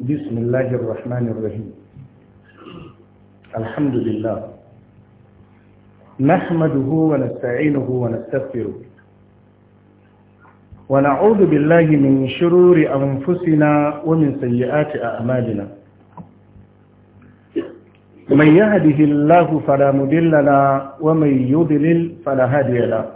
بسم الله الرحمن الرحيم الحمد لله نحمده ونستعينه ونستغفره ونعوذ بالله من شرور أنفسنا ومن سيئات أعمالنا من يهده الله فلا مدل له ومن يضلل فلا هادي له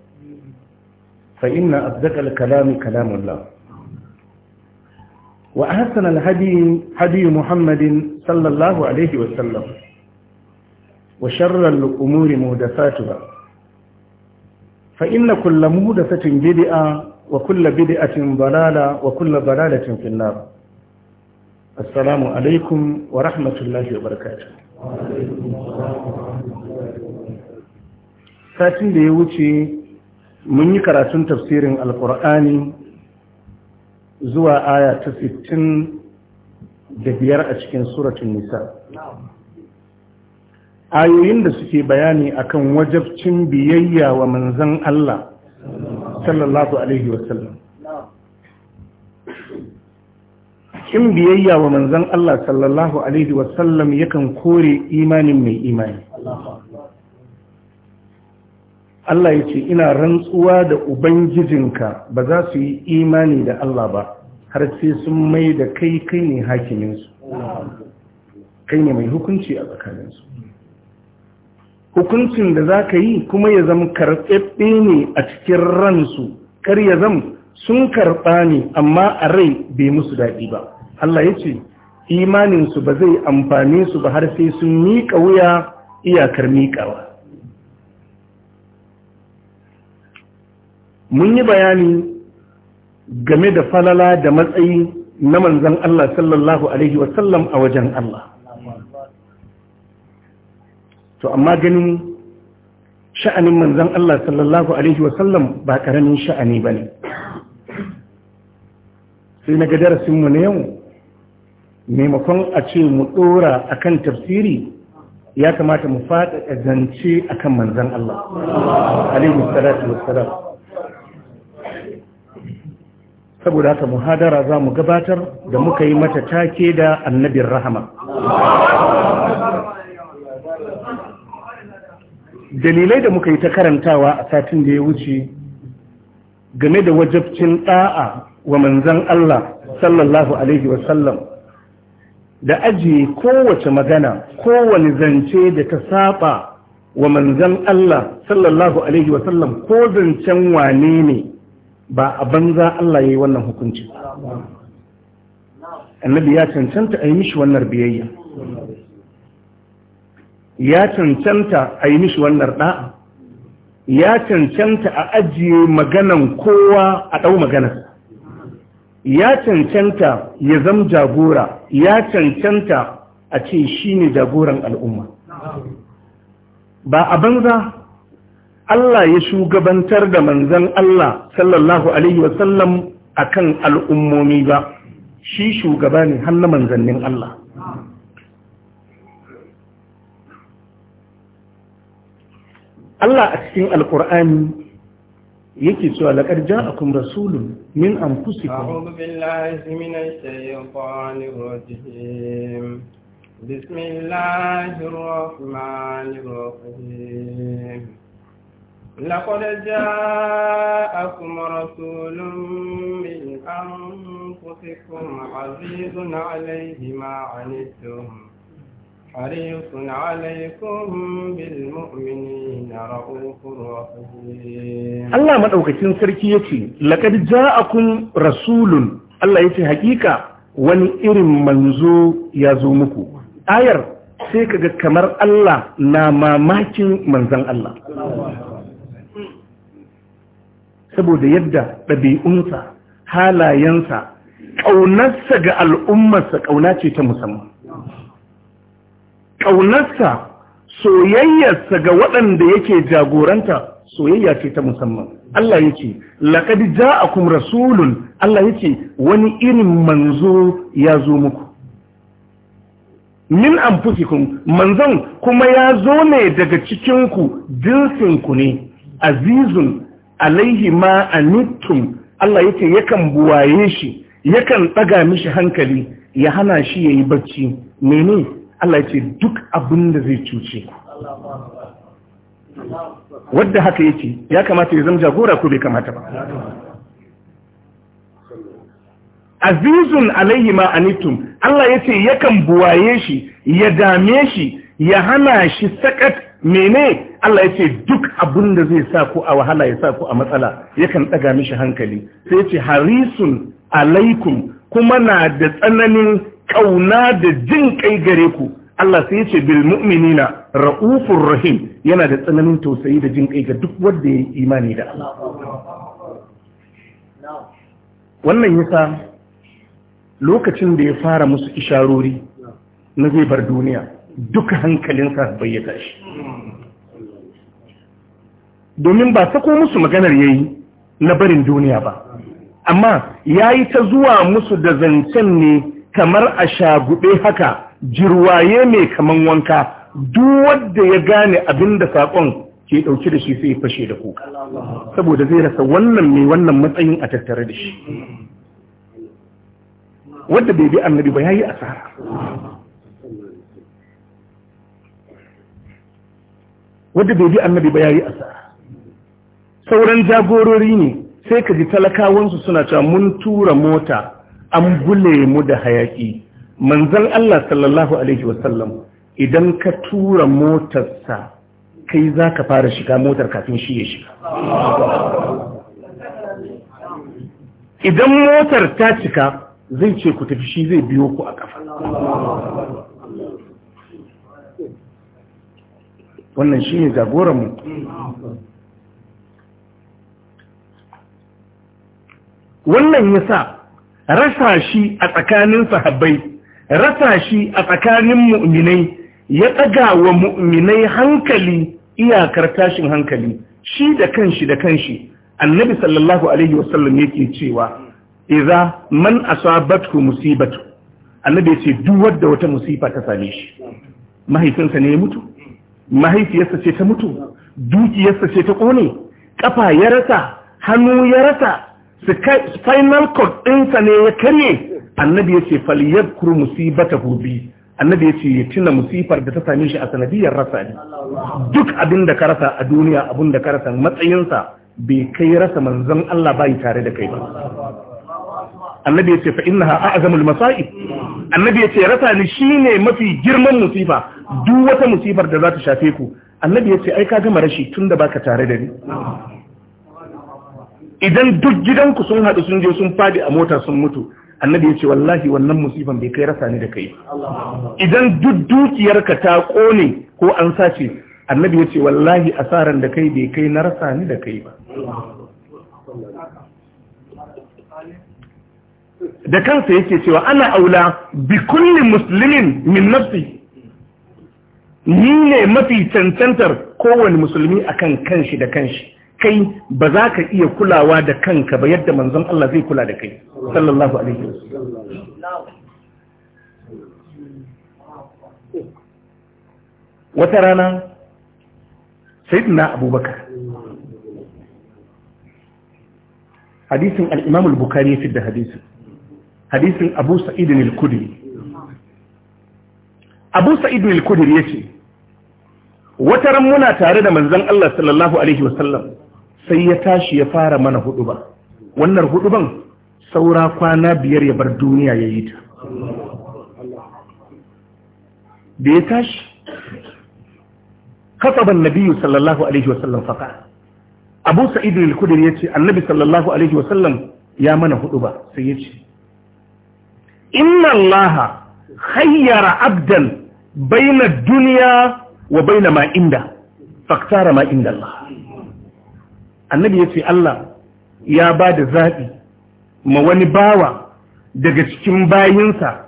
فإن أصدق الكلام كلام الله وأحسن الهدي هدي محمد صلى الله عليه وسلم وشر الأمور مهدفاتها فإن كل مهدفة بدئة وكل بدئة ضلالة وكل ضلالة في النار السلام عليكم ورحمة الله وبركاته السلام ورحمة الله وبركاته mun yi karatun tafsirin alkur'ani zuwa aya ta sittin da biyar a cikin suratun nisa ayoyin da suke bayani akan wajabcin biyayya wa manzan Allah sallallahu alaihi wasallam kin biyayya wa manzan Allah sallallahu alaihi wasallam yakan kore imanin mai imani Allah ya ce ina rantsuwa da ubangijinka ba za su yi imani da Allah ba har sai sun mai da kai kai ne hakiminsu kai ne mai hukunci a tsakaninsu hukuncin da za ka yi kuma ya zama karɓaɓɓe ne a cikin ransu kar ya zama sun karɓa ne amma a rai bai musu daɗi ba Allah ya ce imaninsu ba zai amfane su ba har sai sun miƙa wuya iyakar miƙawa mun yi bayani game da falala da matsayi na manzan Allah sallallahu Alaihi wasallam a wajen Allah. To, amma ganin sha'anin manzan Allah sallallahu Alaihi wasallam ba ƙaramin sha'ani ba ne. Sai na darasinmu na yau, maimakon a ce mu ɗora a kan tafsiri ya kamata mu faɗaɗa zance a kan manzan Allah. Alaihi wasallam. saboda haka muhadara za mu gabatar da muka yi mata take da annabin rahama dalilai da muka yi ta karantawa a satin da ya wuce game da wajabcin ɗa'a wa manzan Allah sallallahu Alaihi wasallam da ajiye kowace magana kowane zance da ta saba wa manzan Allah sallallahu Alaihi wasallam ko zancen wane ne ba a banza Allah ya yi wannan hukunci annabi ya cancanta a yi mishi wannan biyayya ya cancanta a yi mishi wannan da'a ya cancanta a ajiye maganan kowa a ɗau maganar ya cancanta ya zam jagora ya cancanta a ce shi ne jagoran al'umma ba a banza Allah ya shugabantar da manzan Allah sallallahu alaihi wasallam a kan al'ummomi ba shi shugaba ne hannu manzannin Allah Allah a cikin alƙur'ani yake cewa laƙar ja'akum rasulun min anfusikum a'udhu billahi minash shaitanir rajim bismillahir rahmanir rahim لقد جاءكم رسول من أنفسكم عزيز عليه ما عنتم حريص عليكم بالمؤمنين رؤوف رحيم الله ما دوكتين سركي لقد جاءكم رسول الله يتي حقيقة wani irin manzo ya zo muku ayar sai kaga kamar Allah na mamakin manzan Allah saboda yadda ɗabi'unsa halayensa ƙaunarsa ga al'ummarsa ƙauna ce ta musamman ƙaunarsa soyayyarsa ga waɗanda yake jagoranta soyayya ce ta musamman Allah yake ja ja'akum rasulun Allah yake wani irin manzo ya zo muku min anfusikum manzon kuma ya zo ne daga cikinku jinsinku ne azizun alaihi ma anittum Allah yake yakan buwaye shi yakan ɗaga mishi hankali ya hana shi yayi bacci mene Allah yake duk abin da zai cuce wadda haka yake ya kamata ya zama jagora ko bai kamata ba azizun alaihi ma anittum Allah yace yakan buwaye shi ya dame shi ya hana shi sakat mene Allah ya ce duk abin da zai sa ku a wahala ya sa ku a matsala yakan ɗaga mishi hankali sai ya ce harisun alaikum kuma na da tsananin ƙauna da jin kai gare ku Allah sai ya ce bil mu'minina ra'ufur rahim yana da tsananin tausayi da jin kai ga duk wanda ya imani da Allah wannan yasa lokacin da ya fara musu isharori na zai bar duniya duk hankalinsa bai ya tashi domin ba sako musu maganar yayi na barin duniya ba amma yayi ta zuwa musu da zancen ne kamar a shagube haka jirwaye mai kaman wanka duk wanda ya gane abinda da sakon ke dauke da shi sai fashe da kuka saboda zai rasa wannan mai wannan matsayin a tattare da shi wanda bai bi annabi ba ya yayi asara wanda bai bi annabi ba yayi asara sauran jagorori ne sai ka ji talakawansu suna cewa mun tura mota an bule mu da hayaki manzon Allah sallallahu alaihi wasallam idan ka tura motarsa kai za ka fara shiga motar kafin shi ya shiga idan motar ta cika zai ce ku tafi shi zai biyo ku a kafa wannan shi ne jagoranmu wannan ya sa rasa shi a tsakanin sahabbai rasa shi a tsakanin mu'minai ya ɗaga wa mu'minai hankali iyakar tashin hankali shi da kanshi da kanshi annabi sallallahu alaihi wasallam yake cewa iza man asabatku musibatu annabi ya ce duk wadda wata musifa ta same shi mahaifinsa ne ya mutu mahaifiyarsa ce ta mutu dukiyarsa ce ta kone Ƙafa ya rasa hannu ya rasa final court ɗinsa ne ya karye annabi ya ce faliyar kuru musibata hobi annabi ya ce ya tuna musifar da ta same shi a sanadiyar rasa ne duk abin da ka rasa a duniya abin da ka rasa matsayinsa bai kai rasa manzon Allah bai tare da kai ba annabi ya ce fa innaha a'zamul masa'ib annabi ya ce rasa ne shine mafi girman musifa duk wata musibar da za ta shafe ku annabi ya ce ai ka gama rashi tun da baka tare da ni idan duk gidanku sun haɗu sun je sun fadi a mota sun mutu annabi ya ce wallahi wannan musiban bai kai rasa ni da kai idan duk dukiyarka ta kone ko an sace annabi ya ce wallahi asaran da kai bai kai na rasa ni da kai ba da kansa yake cewa ana aula bi kullin muslimin min nafsi ni ne mafi cancantar kowane musulmi akan kanshi da kanshi kai ba za ka iya kulawa da kanka ba yadda manzon Allah zai kula da kai sallallahu alaihi wata rana sayyidina abubakar hadisin al-imam al-bukhari fi da hadisin hadisin abu sa'id al-khudri abu sa'id al-kudur yace wata ran muna tare da manzon Allah sallallahu alaihi wasallam sai ya tashi ya fara mana huduba wannan huduban saura kwana biyar ya bar duniya ya yi ta da ya tashi kasaban nabiyu sallallahu alaihi wasallam faqa abu sa'id al-kudur yace annabi sallallahu alaihi wasallam ya mana huduba sai yace inna allaha خير abdan baina duniya wa baina ma فاختار ما عند الله Allah annabi ya ce Allah ya ba da zaɓi ma wani bawa daga cikin bayinsa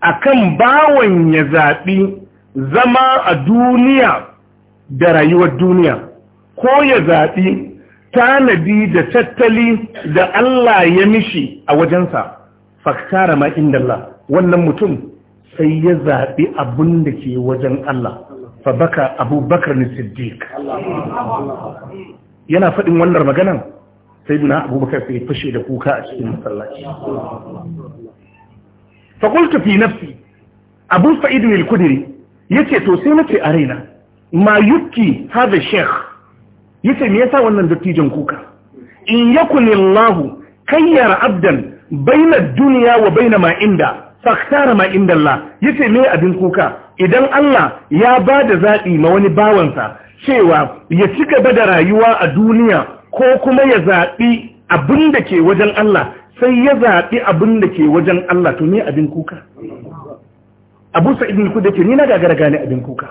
akan bawan ya zaɓi zama a duniya da rayuwar duniya ko ya zaɓi tanadi da tattali da Allah ya mishi a wajensa faktara ma inda wannan mutum sai ya zaɓi abin da ke wajen Allah fa baka abubakar ni siddiq yana faɗin wannan maganan sai duna abubakar sai fashe da kuka a cikin masallaci fa kultu fi nafsi abu sa'id al-khudri yace to sai nace a raina ma yuki, hada sheikh yace me yasa wannan dattijan kuka in yakunillahu kayyara abdan baina dunya wa baina ma inda fakhtara ma inda Allah yace me abin kuka idan Allah ya bada zabi zaɓi ma wani bawansa cewa ya ci gaba da rayuwa a duniya ko kuma ya zaɓi abinda ke wajen Allah sai ya zaɓi abinda ke wajen Allah to me abin kuka Abu Sa'id al-Khudri ce ni na gagara gane abin kuka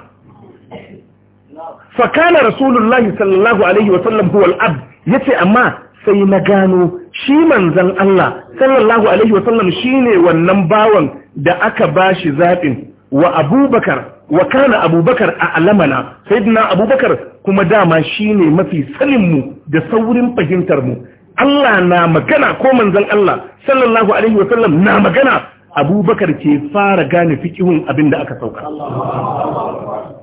fa kana Rasulullahi sallallahu alaihi wa sallam huwa al-ab yace amma sai na gano shi manzan Allah sallallahu alaihi wasallam shine wannan bawan da aka bashi zaɓin wa abubakar wa kana abubakar a alamana sayyidina abubakar kuma dama shine mafi saninmu da saurin fahimtar mu Allah na magana ko manzan Allah sallallahu alaihi wasallam na magana abubakar ke fara gane fikihun abin da aka sauka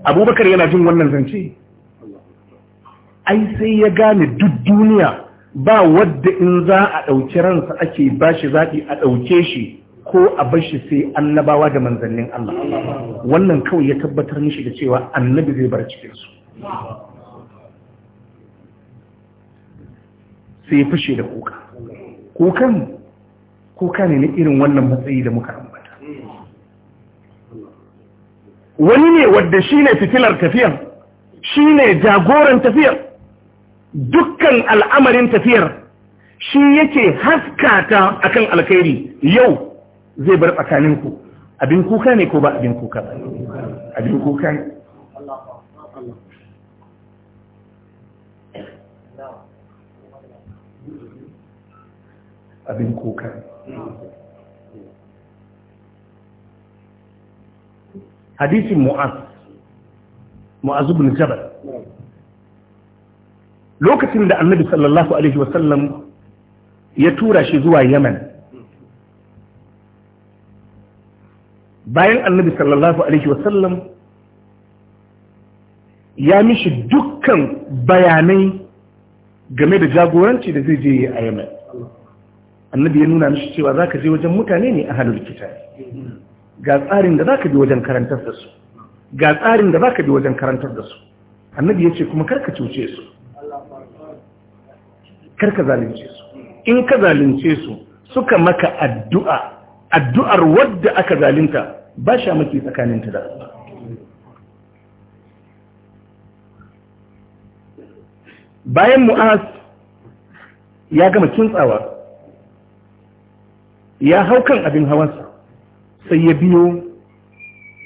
abubakar yana jin wannan zance ai sai ya gane duk duniya ba wadda in za a ɗauki ransa ake ba shi zaɓi a ɗauke shi ko a bar shi sai annabawa da manzannin Allah wannan kawai ya tabbatar mishi da cewa annabi zai bar cikinsu sai ya fushe da kuka kukan kuka ne na irin wannan matsayi da muka ambata wani ne wadda shi ne fitilar tafiyan shi ne jagoran tafiyar dukkan al'amarin tafiyar shi yake haskata akan alkairi yau zai bar tsakaninku abin kuka ne ko ba abin kuka ba abin kuka ne abin kuka hadisin mu'az mu'az ibn jabal lokacin da annabi sallallahu alaihi wasallam ya tura shi zuwa yaman bayan annabi sallallahu alaihi wasallam ya mishi dukkan bayanai game da jagoranci da zai je a yaman annabi ya nuna mishi cewa zaka je wajen mutane ne a halin kita ga tsarin da zaka bi wajen karantar da su ga tsarin da zaka bi wajen karantar da su annabi ya ce kuma karka cuce su karka zalunce su in ka zalunce su suka maka addu'a addu'ar wadda aka zalunta ba sha maki tsakaninta da bayan mu'az ya gama kintsawa ya hau kan abin hawansa sai ya biyo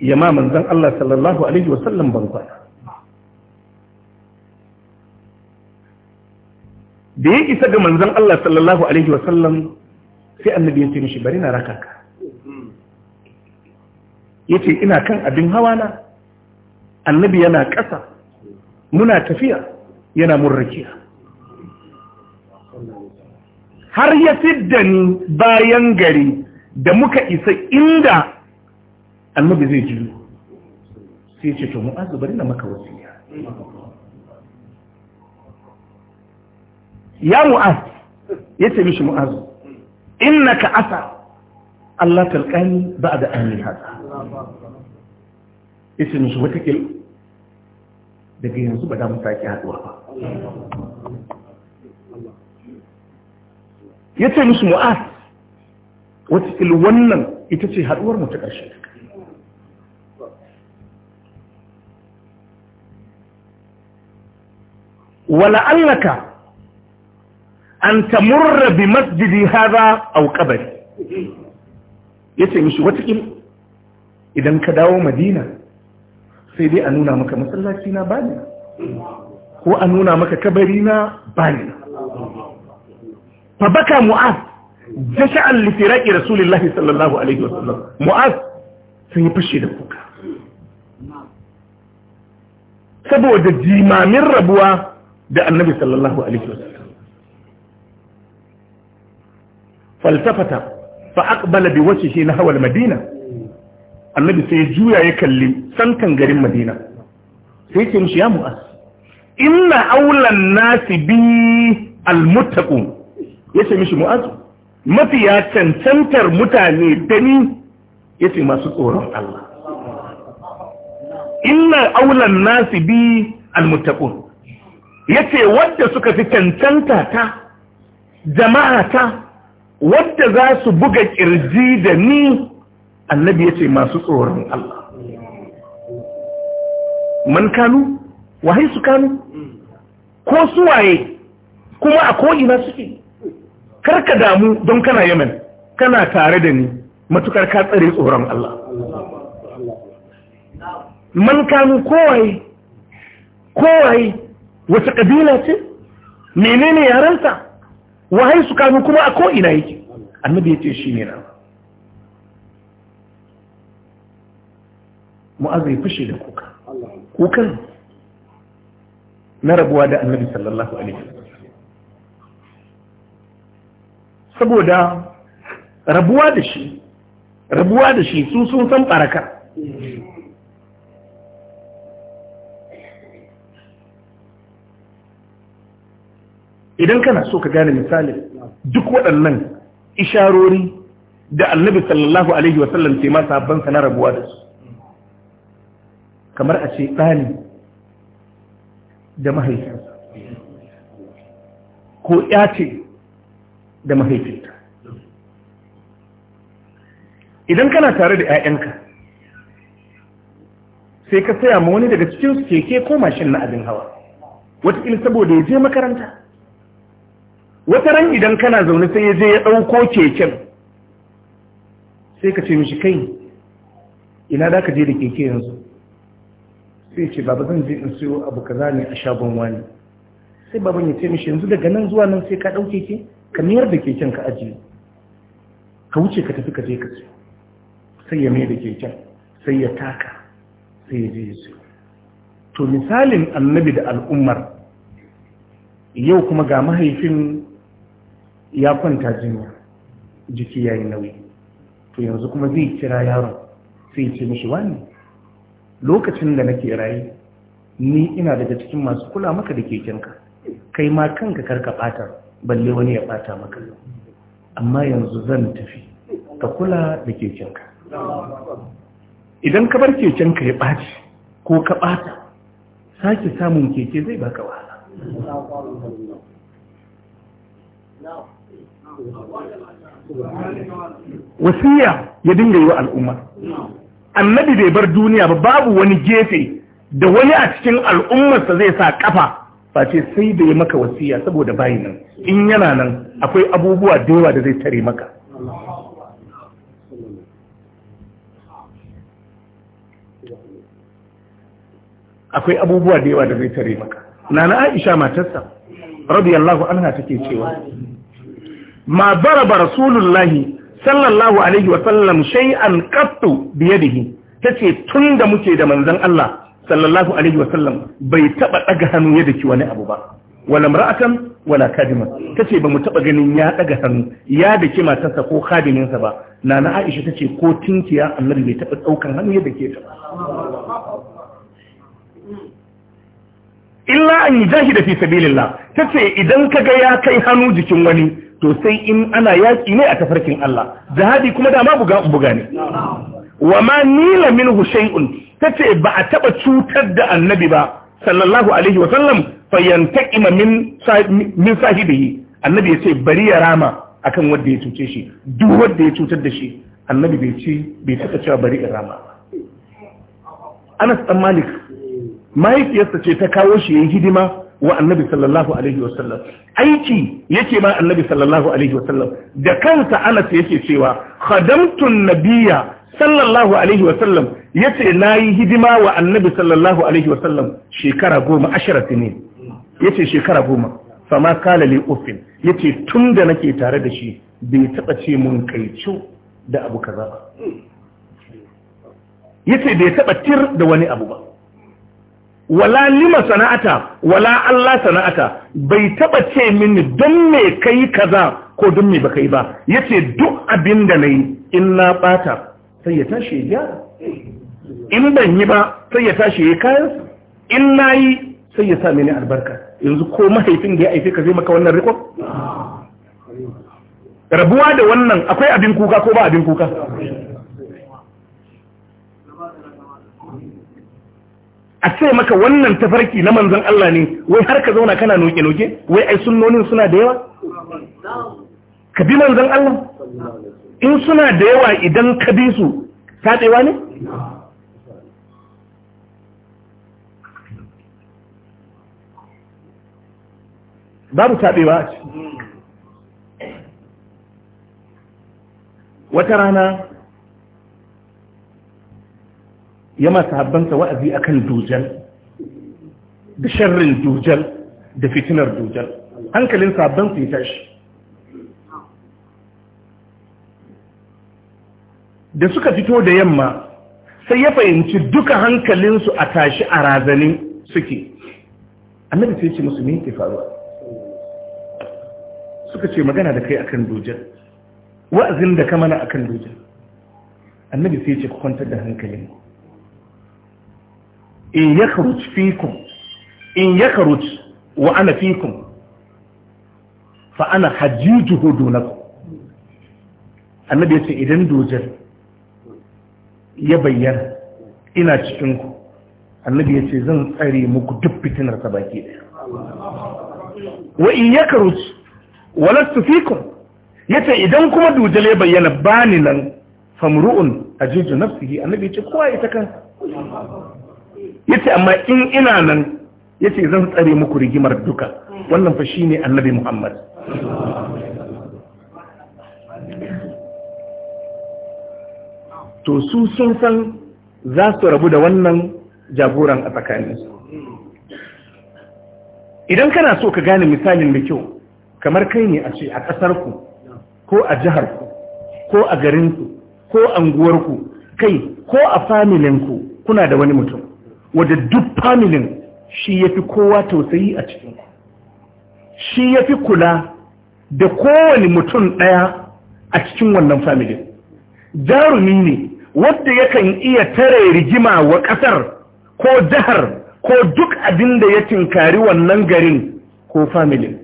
ya ma manzan Allah sallallahu Alaihi wasallam bankwana da ya isa ga manzon Allah sallallahu alaihi wasallam sai annabi ya ce mishi bari na raka ka ce ina kan abin hawa na annabi yana ƙasa muna tafiya yana murrakiya har ya fidda ni bayan gari da muka isa inda annabi zai jiyo sai ce to mu'azu bari na maka wasiya ya mu'az ya ce mishi mu'az innaka asa Allah ba da an yi hada yace mishi wata daga yanzu ba da mu sake haduwa ba Ya ce mishi mu'az wata kil wannan ita ce haduwar mu ta ƙarshe wala'allaka an tamurra bi masjidi hadha aw qabri yace mishi wata idan ka dawo madina sai dai a nuna maka masallaci na bani ko a nuna maka kabari na bani fa baka mu'az jasha'an li firaqi rasulillahi sallallahu alaihi wasallam mu'az sun yi fashe da kuka saboda jimamin rabuwa da annabi sallallahu alaihi wasallam falsafata fa aqbala bi wajhihi nahwa al-madina annabi sai juya ya kalli santan garin madina sai ce mishi ya mu'az inna aulan nasi bi almuttaqun yace mishi mu'az mafi ya cancantar mutane da ni yace masu tsoron Allah inna aulan nasi bi almuttaqun yace wanda suka fi cancanta ta jama'a ta wadda za su buga ƙirji da ni annabi ya ce masu tsoron Allah man kanu wahai su kanu ko suwaye kuma a ko'ina suke karka damu don kana yamin, kana tare da ni matukar ka tsare tsoron Allah man kanu kowaye kowaye wata ƙabila ce menene yarensa wahai su kanu kuma a ko'ina yake annabi ya ce shi ne na mu'azai fushi da kuka kukan na rabuwa da annabi sallallahu alaihi saboda rabuwa da shi rabuwa da shi sun sun san baraka idan kana so ka gane misalin duk waɗannan isharori da annabi sallallahu alaihi wasallam ke ma sahabbansa na rabuwa da su kamar a ce ɗani da mahaifinsa ko ya ce da mahaifinta idan kana tare da 'ya'yanka sai ka saya ma wani daga cikin keke ko mashin na abin hawa wataƙila saboda ya je makaranta wata ran idan kana zaune sai ya je ya ɗauko keken sai ka ce mishi kai ina da ka je da keke yanzu sai ce baba zan je in siyo abu kaza ne a shagon wani sai baban ya ce mishi yanzu daga nan zuwa nan sai ka ɗauke ke ka miyar da keken ka ajiye ka wuce ka tafi ka je ka ce sai ya mai da keken sai ya taka sai ya je ya siyo. to misalin annabi da al'ummar yau kuma ga mahaifin ya kwanta jinya jiki ya yi nauyi to yanzu kuma zai kira yaron sai ce mishi wani lokacin da nake rayu ni ina daga cikin masu kula maka da kekenka kai ma kanka karka ɓata balle wani ya bata maka amma yanzu zan tafi ka kula da kekenka idan ka bar kekenka ya bace ko ka ɓata sake samun keke zai baka wahala wasiya ya dinga yi wa al'umma annabi bai bar duniya ba babu wani gefe da wani a cikin al'ummarsa zai sa kafa ce sai da ya maka wasiya saboda bayi nan in yana nan akwai abubuwa da yawa da zai tare maka akwai abubuwa da yawa da zai tare maka nana aisha matarsa radiyallahu anha take cewa ma daraba rasulullahi sallallahu alaihi wasallam shay'an Ta ce tun da muke da manzan Allah sallallahu alaihi wasallam bai taba daga hannu ya daki wani abu ba wala mar'atan wala kadima ta ce ba mu taba ganin ya daga hannu ya daki matarsa ko kadimin sa ba nana Aisha ta ce ko tunkiya annabi bai taba daukan hannu ya dake ta illa an yujahida fi sabilillah ce idan kaga ya kai hannu jikin wani to sai in ana yaƙi ne a tafarkin Allah jihadi kuma dama buga buga ne wa ma nila minhu shay'un tace ba a taba cutar da annabi ba sallallahu alaihi wa sallam Fa fayantaqima min min sahibihi annabi ya ce bari ya rama akan wanda ya cuce shi duk wanda ya cutar da shi annabi bai ce bai taba cewa bari ya rama Anas dan Malik mahaifiyarsa ce ta kawo shi yayin hidima wa annabi sallallahu alaihi wasallam aiki yake ma annabi sallallahu alaihi wasallam da kansa Anas yake cewa khadamtun nabiyya sallallahu alaihi wasallam yace nayi hidima wa annabi sallallahu alaihi wasallam shekara goma asharati ne yace shekara goma fama kala li uffin yace tun da nake tare da shi bai taba ce mun kaicu da abu kaza ba yace bai taba tir da wani abu ba wala lima sana'ata wala Allah sana'ata bai taba ce mini don me kai kaza ko don me baka yi ba yace duk abin da nayi in na bata sai ya tashi ya gyara in ban yi ba sai ya tashi ya kayan in nayi sai ya sa mini albarka yanzu ko mahaifin da ya aife ka zai maka wannan rikon rabuwa da wannan akwai abin kuka ko ba abin kuka a ce maka wannan tafarki na manzon Allah ne wai har ka zauna kana noke-noke wai ai sunnonin suna da yawa ka bi manzon Allah in suna da yawa idan ka bi su taɗewa ne babu taɗewa a wata rana yama sahabbansa wa'azi akan dujal da sharrin dujal da fitinar dujal hankalin sahabbansa ya tashi da suka fito da yamma sai ya fahimci duka hankalinsu a tashi a razanin suke annabi sai ce musu ne ke faruwa suka ce magana da kai akan dujal wa'azin da ka mana akan dujal annabi sai ce ku kwantar da hankalinku in ya karuci fikun in ya karuci wa ana fikun fa ana hajjujuhu dunakum annabi ya ce idan dojar ya bayyana ina cikinku. Annabi ya ce zan tsare muku duk fitinar ta baki daya wa in ya karuci wa fikun ya ce idan kuma dojar ya bayyana bani nan famru'un ajuju nafsihi annabi ya ce kowa ita kan yace amma in ina nan yace zan tsare muku rigimar duka wannan fa shine annabi Muhammad to su sun san za su rabu da wannan jagoran a tsakaninsu idan kana so ka gane misalin da kyau kamar kai ne a ce a ƙasarku ko a ku ko a garin ku ko a anguwarku kai ko a familin ku kuna da wani mutum wadda duk familin shi ya fi kowa tausayi a cikin shi ya fi kula da kowane mutum ɗaya a cikin wannan familin jarumi ne wadda yakan iya tare rigima wa ƙasar ko jihar ko duk abin da ya tinkari wannan garin ko familin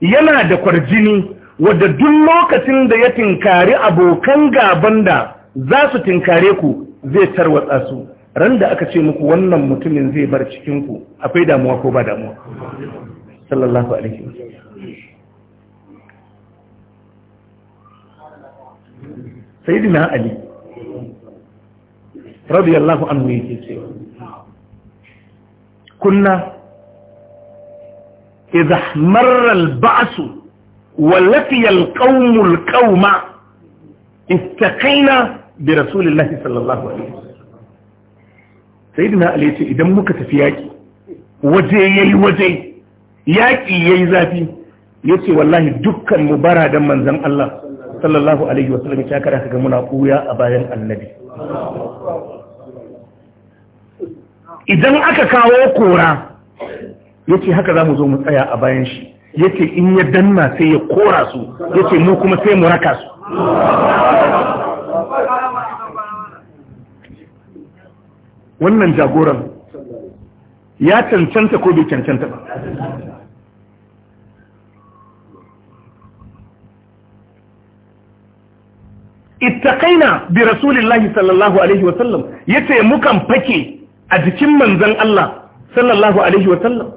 yana da kwarjini wadda duk lokacin da ya tinkari abokan gaban da za su tinkare ku zai tarwatsa su ran da aka ce muku wannan mutumin zai bar cikin ku akwai damuwa ko ba damuwa sallallahu alaihi wasallam sayyidina ali radiyallahu anhu yake cewa kunna idza marra al-ba's wa lafiya al-qawm al-qawma istaqina bi rasulillahi sallallahu alaihi wasallam Saidina ali ce idan muka tafi yaƙi, waje ya yi waje yaƙi ya yi zafi ya ce wallahi dukkan mu baradan manzan Allah sallallahu alaihi wasallam ya kara kaga muna kuya a bayan annabi idan aka kawo kora ya ce haka za mu zo mu tsaya a bayan shi ya ce in ya danna sai ya kora su ya ce mu kuma sai mu raka su wannan jagoran ya cancanta ko bai cancanta ba ittaqaina bi rasulillahi sallallahu alaihi wa sallam yace mukan fake a jikin manzon Allah sallallahu alaihi wa sallam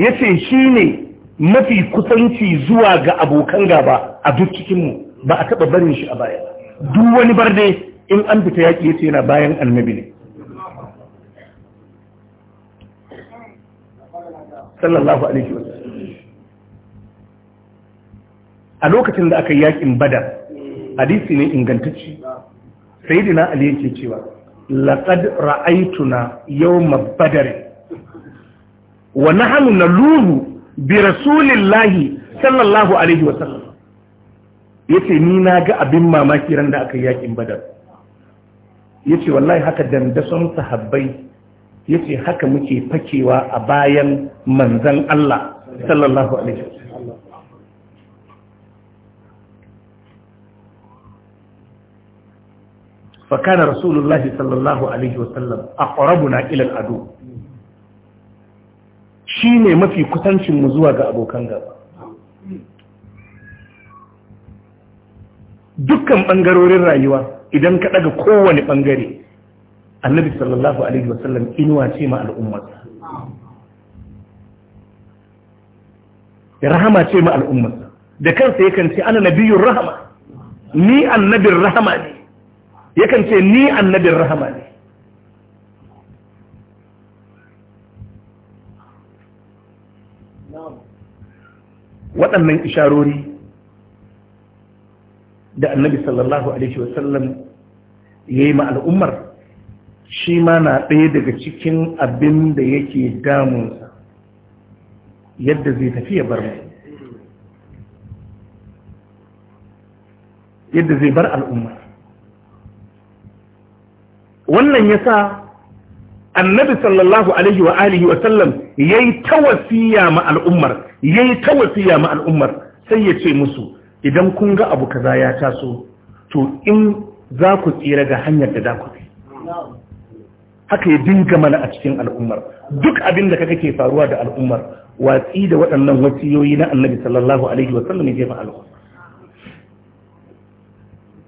yace shine mafi kusanci zuwa ga abokan gaba a duk cikin mu ba a taba barin shi a baya duk wani barde in an fita yaƙi yace yana bayan annabi ne sallallahu alaihi wa a lokacin da aka yi yaƙin badar hadisi ne ingantacci sayyidina ali yake cewa laqad ra'aytuna yawma badr wa nahnu luhu bi rasulillahi sallallahu alaihi wa sallam yace ni na ga abin mamaki ran da aka yi yaƙin badar Ya ce, wallahi haka dandason sahabbai ce, haka muke fakewa a bayan manzan Allah sallallahu alaihi wasallam fa kana rasulullahi sallallahu alaihi wasallam na ila ado. Shi ne mafi kusancin mu zuwa ga abokan gaba dukkan ɓangarorin rayuwa idan ka daga kowane bangare annabi sallallahu alaihi wasallam inuwa ce ma al'ummarsa rahama ce ma al'ummarsa da kansa yakan ce ana nabiyun rahama ni annabin rahama ne yakan ce ni annabin rahama ne waɗannan isharori da annabi sallallahu alaihi wasallam ya ma al'ummar shi ma na ɗaya daga cikin abin da yake damunsa yadda zai tafi ya bar mu yadda zai bar al'umma wannan ya sa annabi sallallahu alaihi wa alihi wa sallam ya yi tawasiya ma al'ummar ya yi tawasiya ma al'ummar sai ya ce musu idan kun ga abu kaza ya taso to in za ku tsira ga hanyar da za ku bi haka ya dinga mana a cikin al'ummar duk abin da kake faruwa da al'ummar watsi da waɗannan wasiyoyi na annabi sallallahu alaihi wasallam ya jefa al'ummar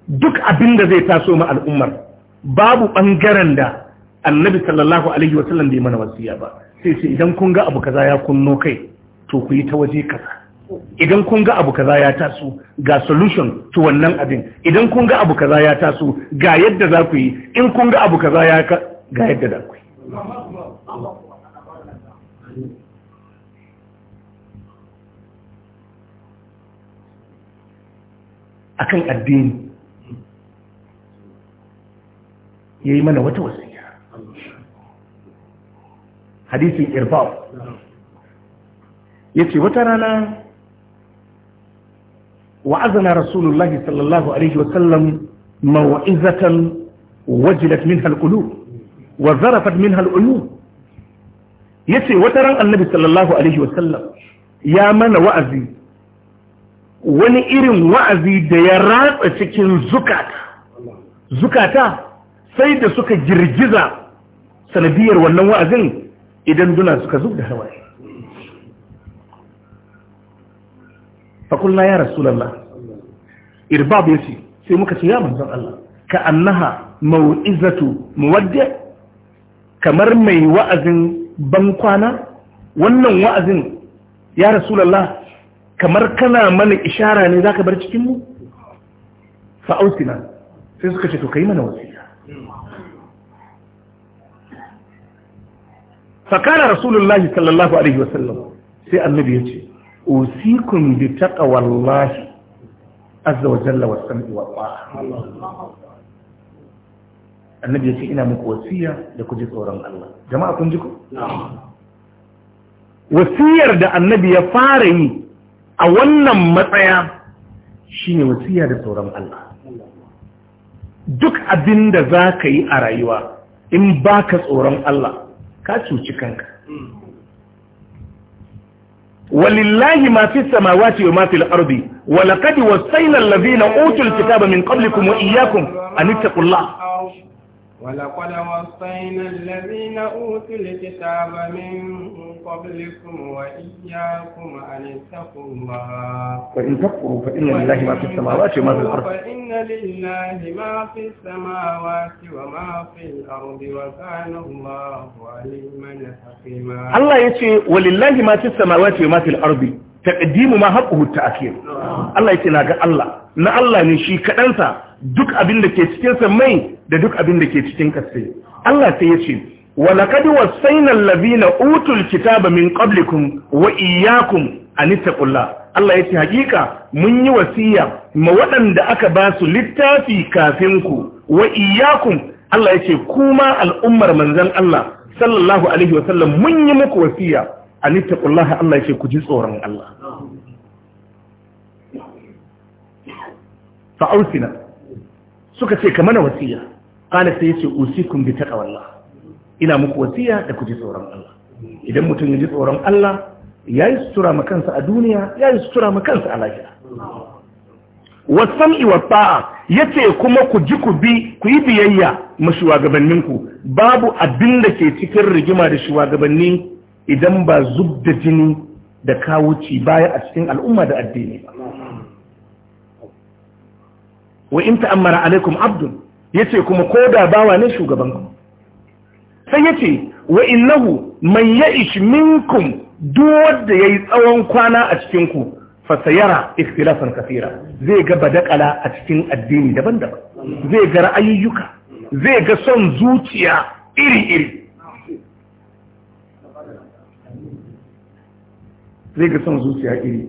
duk abin da zai taso ma al'ummar babu ɓangaren da annabi sallallahu alaihi wasallam bai mana wasiya ba sai sai idan kun ga abu kaza ya kunno kai to ku yi ta waje kaza idan kun ga abu kaza ya taso ga solution to wannan abin idan kun ga abu kaza ya taso ga yadda za ku yi in kun ga abu kaza ya ga yadda za ku yi akan addini ya yi mana wata wasiya hadisin irba'u ya ce wata rana وعظنا رسول الله صلى الله عليه وسلم موعظة وجلت منها القلوب وزرفت منها العيون yace wata ran annabi sallallahu ya mana wa'azi wani irin wa'azi da ya ratsa cikin zukata zukata sai da suka girgiza sanadiyar wannan wa'azin idan duna suka zub da hawaye fakulna ya rasulallah irbab ya ce sai muka ce ya manzan Allah ka annaha mau'izatu muwaddi kamar mai wa'azin kwana, wannan wa'azin ya rasulallah kamar kana mana ishara ne zaka bar cikin mu fa ausina sai suka ce to kai mana sallallahu alaihi sai annabi ya ce usikum bi taqwallahi azza wa jalla wa sam'i wa ta'a annabi yace ina muku wasiya da ku ji tsoron Allah jama'a kun ji ku wasiyar da annabi ya fara yi a wannan matsaya shine wasiya da tsoron Allah duk abin da za ka yi a rayuwa in baka tsoron Allah ka cuci kanka ولله ما في السماوات وما في الأرض ولقد وصينا الذين أوتوا الكتاب من قبلكم وإياكم أن اتقوا الله ولقد وصينا الذين أوتوا الكتاب من قبلكم وإياكم أن اتقوا الله فإن تكفروا فإن لله ما في السماوات وما في الأرض فإن لله ما في السماوات وما في الأرض وكان الله عليما حكيما الله يشفي ولله ما في السماوات وما في الأرض taqdimu ma haqquhu ta'khir Allah yake na ga Allah na Allah ne shi kadansa duk abin da ke cikin mai da duk abin da ke cikin kasai Allah sai ya ce wa laqad wasayna allazina utul kitaba min qablikum wa iyyakum an taqullah Allah yace hakika mun yi wasiya ma waɗanda aka ba su littafi kafin ku wa iyyakum Allah yace kuma al'ummar manzon Allah sallallahu alaihi sallam mun yi muku wasiya an ittaqullaha Allah yake ku ji tsoron Allah fa ausina suka ce kamar wasiya kana sai yace usikum bi taqwallah ina muku wasiya da ku ji tsoron Allah idan mutum ya ji tsoron Allah yayi sutura ma kansa a duniya yayi sutura ma kansa a lafiya. wasam'i wa ta'a yace kuma ku ji ku bi ku yi biyayya ma shugabanninku babu abin da ke cikin rigima da shugabanni idan ba zub da jini da kawuci baya a cikin al'umma da addini ba wa in ta'ammara alaikum abdun yace kuma ko da bawa ne shugaban ku sai yace wa innahu man ya'ish minkum duk wanda yayi tsawon kwana a cikin ku fasayara ikhtilafan kafira, zai ga badakala a cikin addini daban-daban zai ga ra'ayyuka zai ga son zuciya iri-iri zai ga son zuciya iri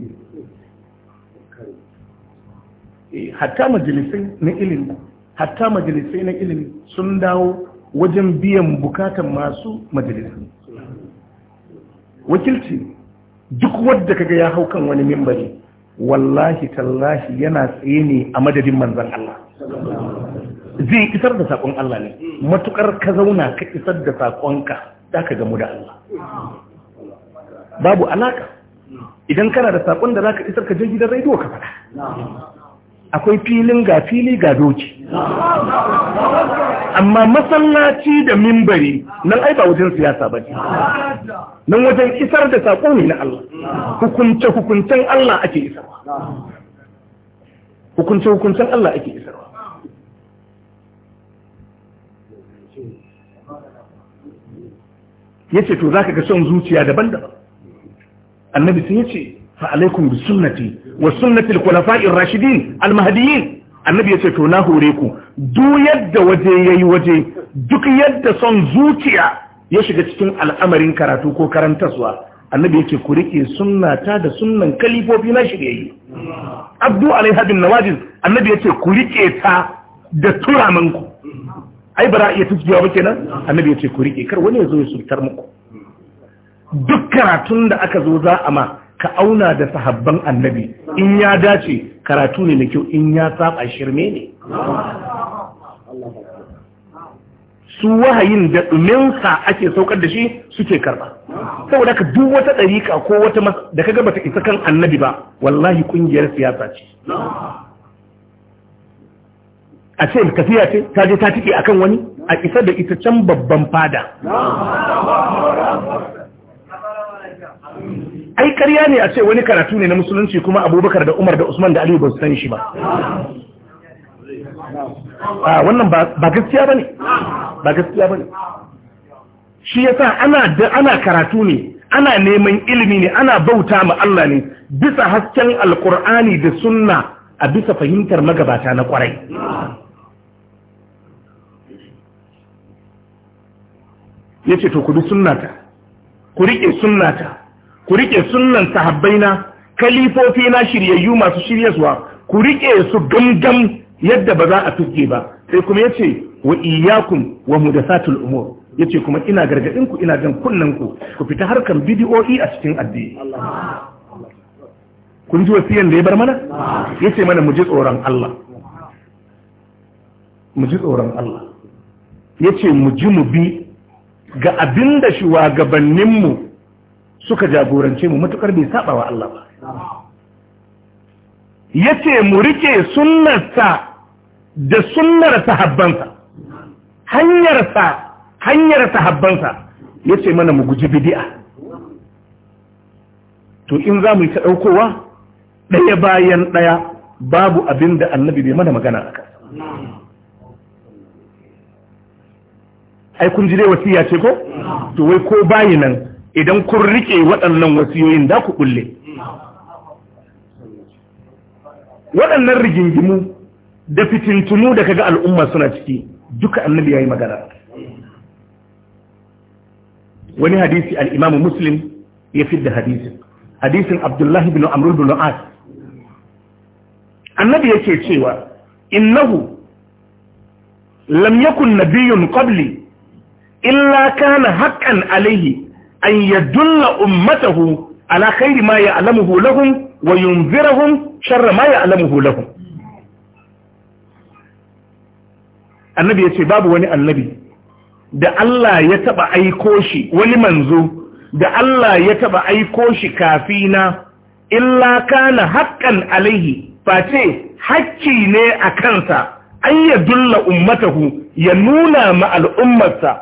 eh, hatta majalisai na ilimi hatta majalisai na ilimi sun dawo wajen biyan bukatan masu majalisai wakilci duk wadda kaga ya hau kan wani mimbari wallahi tallahi yana tsaye ne a madadin manzan Allah zai isar da saƙon Allah ne matukar ka zauna ka isar da saƙonka za ka gamu da Allah babu alaka idan kana da sakon da zaka isar ka je gidan rediyo ka faɗa akwai filin ga fili ga doki amma masallaci da mimbari nan ai ba wajen siyasa ba ne nan wajen isar da saƙo ne na Allah hukunce hukuncen Allah ake isarwa hukunce hukuncen Allah ake isarwa yace to zaka ga son zuciya daban-daban annabi sai ce, fa alaikum bi sunnati wa sunnati al-khulafa'ir rashidin al-mahdiyyin annabi yace to na hore ku duk yadda waje yayi waje duk yadda son zuciya ya shiga cikin al'amarin karatu ko karantarwa annabi yake ku rike sunnata da sunnan kalifofi na yi. abdu alaiha bin nawajin. annabi yace ku rike ta da turamanku ai bara iya tukiyawa ba kenan annabi yace ku rike kar wani ya zo ya sultar muku duk karatun da aka zo za a ma ka auna da sahabban annabi in ya dace karatu ne mai kyau in ya saba shirme ne su wahayin da ɗuminsa ake saukar da shi suke karɓa saboda ka duk wata ɗarika ko wata da ka gaba ta isa kan annabi ba wallahi ƙungiyar siyasa ce a ce tafiya ce ta je ta tike akan wani a isa da ita can babban fada ai karya ne a ce wani karatu ne na musulunci kuma abubakar da umar da usman da aliyu ba su san shi ba wannan ba gaskiya ba ne ba gaskiya ba ne shi sa ana karatu ne ana neman ilimi ne ana bauta ma Allah ne bisa hasken alkur'ani da sunna a bisa fahimtar magabata na kwarai ya ce to ku bi sunnata ku riƙe sunnata ku rike sunan sahabbaina kalifofi na shiryayyu masu shiryaswa ku rike su gangan yadda ba za a tuke ba sai kuma yace wa iyyakum wa mudasatul umur yace kuma ina gargadin ku ina jan kunnan ku ku fita harkan bidiyo'i a cikin addini kun ji wasiyan da ya bar mana yace mana mu ji tsoron Allah mu ji tsoron Allah yace mu ji mu bi ga abinda shugabanninmu suka jagorance mu matukar bai saba wa Allah ba ce mu rike sunarsa da sunnar sahabbansa hanyarsa hanyar sahabbansa ce mana mu guji bidi'a. to in za mu yi ta ɗaukowa ɗaya bayan ɗaya babu abin da annabi bai mana magana a ai kun ji dai wasiya ce ko to wai ko bayi nan idan kun rike waɗannan wasiyoyin da ku kulle waɗannan rigingimu da fitintunu da kaga al'umma suna ciki duka annabi ya yi magana wani hadisi al'imamu Muslim ya da hadisi. hadisin Abdullahi bin Amr bin As annabi yake cewa innahu lam yakun nabiyun qabli illa kana haqqan alayhi an yadulla ummatahu ala khairi ma ya'lamuhu lahum wa yunzirahum sharra ma ya'lamuhu lahum annabi yace babu wani annabi da Allah ya taba aiko shi wani manzo da Allah ya taba aiko shi kafina illa kana haqqan alaihi face hakki ne a kansa an yadulla ummatahu ya nuna ma al'ummarsa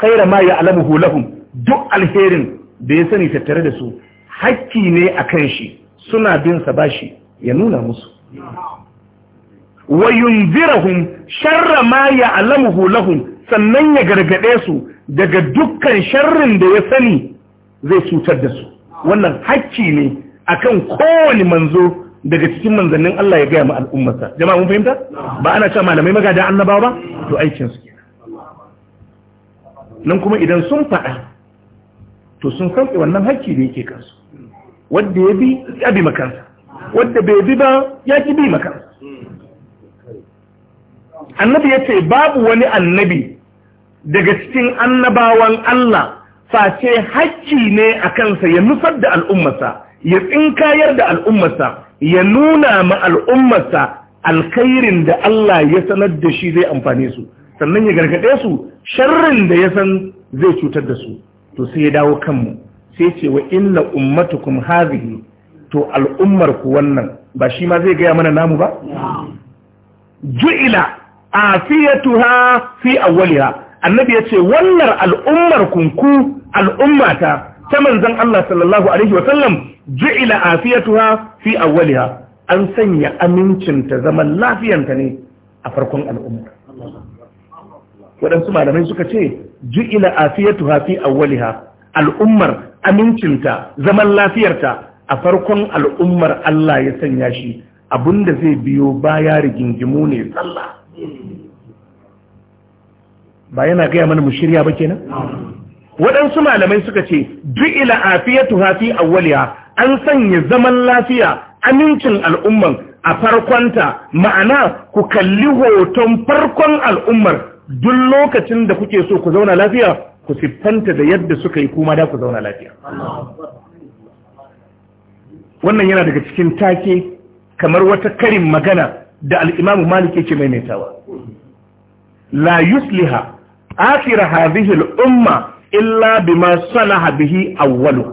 khaira ma ya'lamuhu lahum duk alherin da ya sani tattare da su hakki ne a kan shi suna bin sa bashi ya nuna musu wa zirahun sharra ma alamu hulahun sannan ya gargade su daga dukkan sharrin da ya sani zai cutar da su wannan hakki ne a kan kowane manzo daga cikin manzannin Allah ya gaya ma al'ummarsa jama'a mun fahimta ba ana cewa malamai magada annabawa ba to aikinsu nan kuma idan sun faɗa to sun sauke wannan hakki da yake kansu wanda ya bi ya bi makansa wanda bai bi ba ya ki bi makansa annabi ya ce babu wani annabi daga cikin annabawan Allah face hakki ne a kansa ya nufar da al'ummarsa ya tsinkayar da al'ummarsa ya nuna ma al'ummarsa alkhairin da Allah ya sanar da shi zai amfane su sannan ya gargaɗe su sharrin da ya san zai cutar da su to sai ya dawo kanmu sai ce wa inna ummatukum hazihi to al'ummar ku wannan ba shi ma zai gaya mana namu ba ju'ila afiyatuha fi awwaliha annabi yace wannan al'ummar ku al'ummata ta manzon Allah sallallahu alaihi wa sallam ju'ila afiyatuha fi awwaliha an sanya amincin ta zaman lafiyanta ne a farkon al'ummar waɗansu malamai suka ce ju'ila afiyatu hafi awwaliha al'ummar amincinta zaman lafiyarta a farkon al'ummar Allah ya sanya shi abinda zai biyo baya rigingimu ne sallah ba yana gaya mana mu shirya ba kenan waɗansu malamai suka ce ju'ila afiyatu hafi awwaliha an sanya zaman lafiya amincin al'umman a farkonta ma'ana ku kalli hoton farkon al'ummar duk lokacin da kuke so ku zauna lafiya ku siffanta da yadda suka yi kuma da ku zauna lafiya wannan yana daga cikin take kamar wata karin magana da al'imamu malik yake maimaitawa la yusliha akhir hadhihi al-umma illa bima salaha bihi awwalu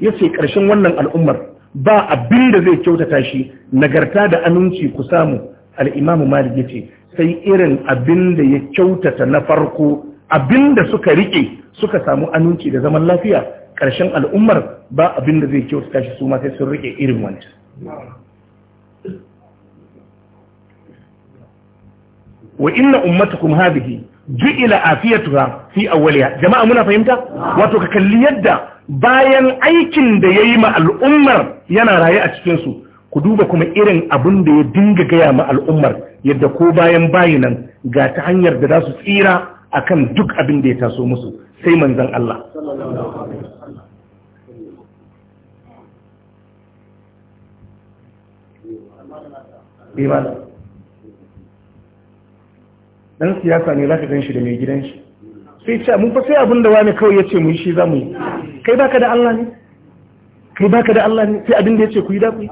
yace karshen wannan al'ummar ba abin da zai kyautata shi nagarta da aminci ku samu al'imamu malik yace sai irin abin da ya kyautata na farko abin da suka rike suka samu aminci da zaman lafiya ƙarshen al'ummar ba abin da zai kyautata shi su sai sun rike irin wani wa inna ummatakum hadhihi ju'ila afiyatuha fi awwaliha jama'a muna fahimta wato ka kalli yadda bayan aikin da yayi ma al'ummar yana raye a cikin su ku duba kuma irin abin da ya dinga gaya ma al'ummar yadda ko bayan bayi nan ga ta hanyar da za su tsira a kan duk abin da ya taso musu sai manzan Allah eh, dan siyasa ne za ka gan shi da mai gidan shi sai ce mun fasai abin da wani kawai ya ce mu yi shi za mu yi kai baka da Allah ne kai baka da Allah ne sai abin da ya ce ku yi da ku yi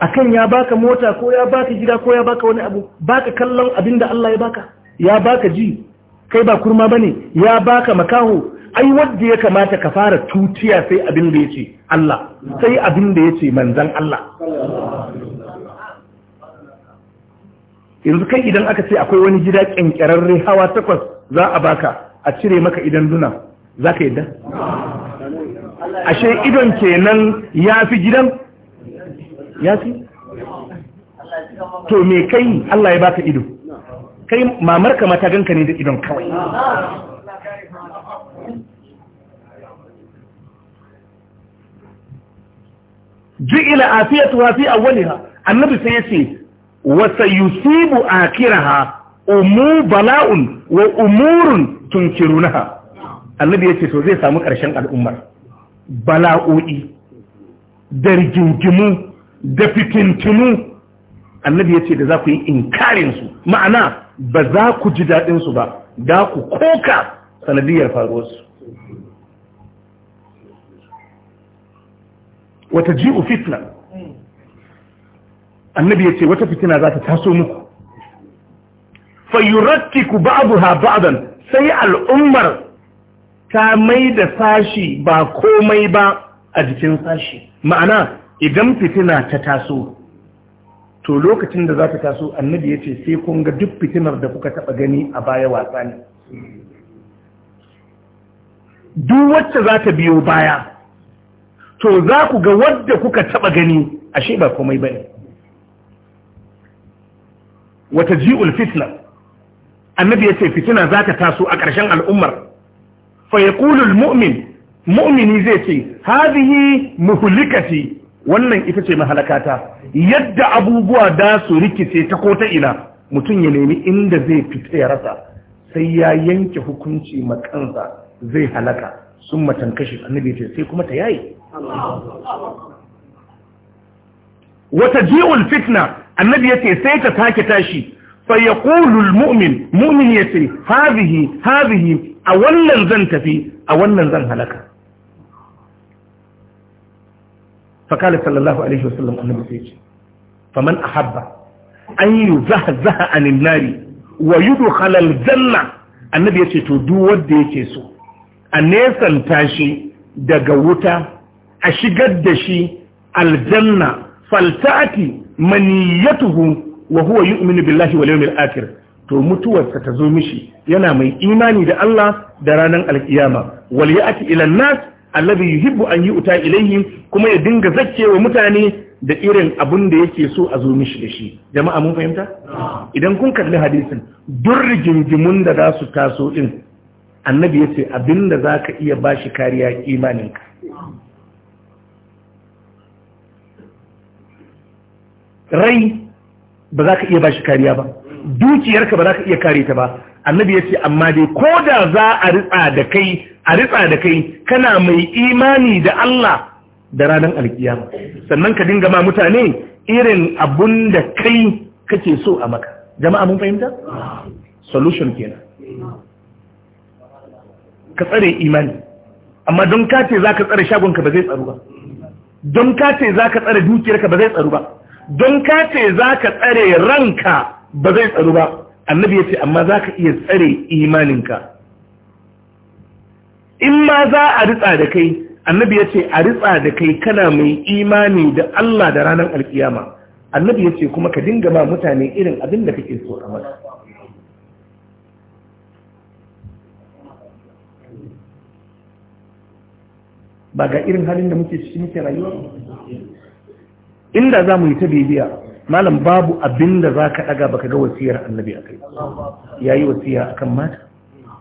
akan ya baka mota ko ya baka gida ko ya baka wani abu baka kallon abin da Allah ya baka ya baka ji kai ba kurma bane ya baka makaho ai wanda ya kamata ka fara tutiya sai abin da yace Allah sai abin da yace manzon Allah yanzu kai idan aka ce akwai wani gida kyankyararre hawa takwas za a baka a cire maka idan duna za yadda ashe idon kenan ya fi gidan ya fi? to me kai Allah ya baka ido kai mamar ka mata ganka ne da idon kawai ji'ila afiyatuha fi awwaliha annabi sai yace wa sayusibu akiraha umu bala'un wa umurun tunkirunaha annabi yace to zai samu karshen al'ummar bala'o'i da rigingimu da fitintunu annabi ya ce da za ku yi inkarinsu ma'ana ba za ku ji daɗinsu ba da ku koka sanadiyar faruwarsu wata ji'u fitna annabi ya ce wata fitina za ta taso muku fayyuratti ku ba'abu ha ba'adan sai al'ummar ta mai da sashi ba komai ba a jikin sashi ma'ana idan fitina ta taso to lokacin da za ta taso annabi ya ce sai kun ga duk fitinar da kuka taba gani a baya wasa ne duk wacce za ta biyo baya to za ku ga wadda kuka taba gani ashe ba komai ba ne wata ji'ul fitna annabi ya ce fitina za ta taso a ƙarshen al'ummar fa ya mumin mu'mini zai ce hadihi muhulikati wannan ita ce mahalakata yadda abubuwa da su rikice ta ko ta ina mutum ya nemi inda zai fita ya rasa sai ya yanke hukunci makansa zai halaka sun matan kashi annabi ce sai kuma ta yayi wata jiwul fitna annabi ya ce sai ta take tashi fa yaqulu almu'min mu'min yace hadhihi hadhihi a wannan zan tafi a wannan zan halaka fakali sallallahu alaihi wasallam annabi sai ce a ahabba an yuzahzaha anin nari wa yudkhala aljanna annabi yace to duk wanda yake so a nesanta shi daga wuta a shigar da shi aljanna faltati maniyatuhu wa huwa yu'minu billahi wal yawmil akhir to mutuwarsa ta zo mishi yana mai imani da Allah da ranar alkiyama wal ya'ti ila nas alladhi yuhibbu an yu'ta ilayhi kuma ya dinga wa mutane da irin abun da yake so a zo mishi da shi jama'a mun fahimta idan kun kalli hadisin duk rigingimun da za su taso din annabi ya ce abinda za ka iya bashi kariya imaninka rai ba za ka iya bashi kariya ba dukiyarka ba za ka iya kare ta ba annabi ya ce amma dai ko da za a ritsa da kai a ritsa da kai kana mai imani da Allah da ranar alkiyama sannan ka dinga ma mutane irin abun da kai kake so a maka jama'a mun fahimta solution kenan ka tsare imani amma don kace za ka tsare shagonka ba zai tsaru ba don kace za ka tsare dukiyarka ba zai tsaru ba don kace za ka tsare ranka ba zai tsaru ba annabi ya ce amma za ka iya tsare imaninka in ma za a ritsa da kai annabi ya ce a ritsa da kai kana mai imani da Allah da ranar alkiyama annabi ya ce kuma ka dinga ma mutane irin abin da kake so a mata ba ga irin halin da muke shi muke rayuwa inda za mu yi ta bibiya malam babu abin da za ka ɗaga baka ga wasiyar annabi a kai ya yi wasiya a kan mata